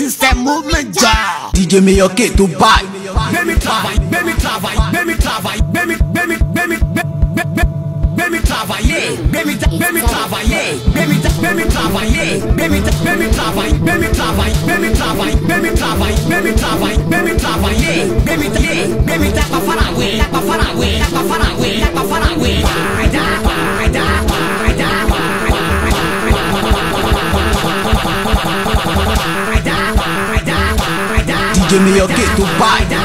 system movement ja. DJ me okay to buy. Baby travail, baby travail, baby travail, baby baby baby baby travailler, baby baby travailler, baby baby travailler, baby baby travail, baby travail, baby travail, baby travail, baby travail, baby travailler, baby baby give me a get to buy. Since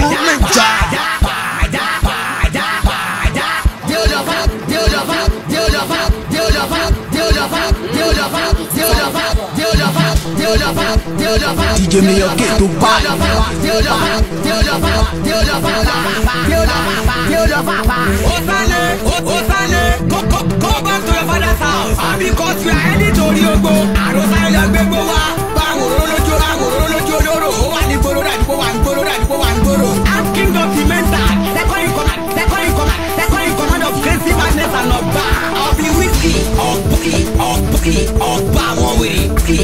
movement the fuck, DJ Mayor K tó bá. Osane Osane go go go back to your father's house. Àbí kò sí ẹni torí ogbó. Àròsá ilé gbégbó wa. Báwo ló lójú báwo ló lójú olóró? Ó wà ní gbòòrò rẹ̀ àdúgbò wà ní gbòòrò rẹ̀ àdúgbò wà ní gbòòrò. I'm king of the mental. Second in command, second in command, second in command of crazy madness and ọgbà. Ọ̀bí wíìsì ọ̀bùkì ọ̀bùkì ọ̀gbà wọn wèrè.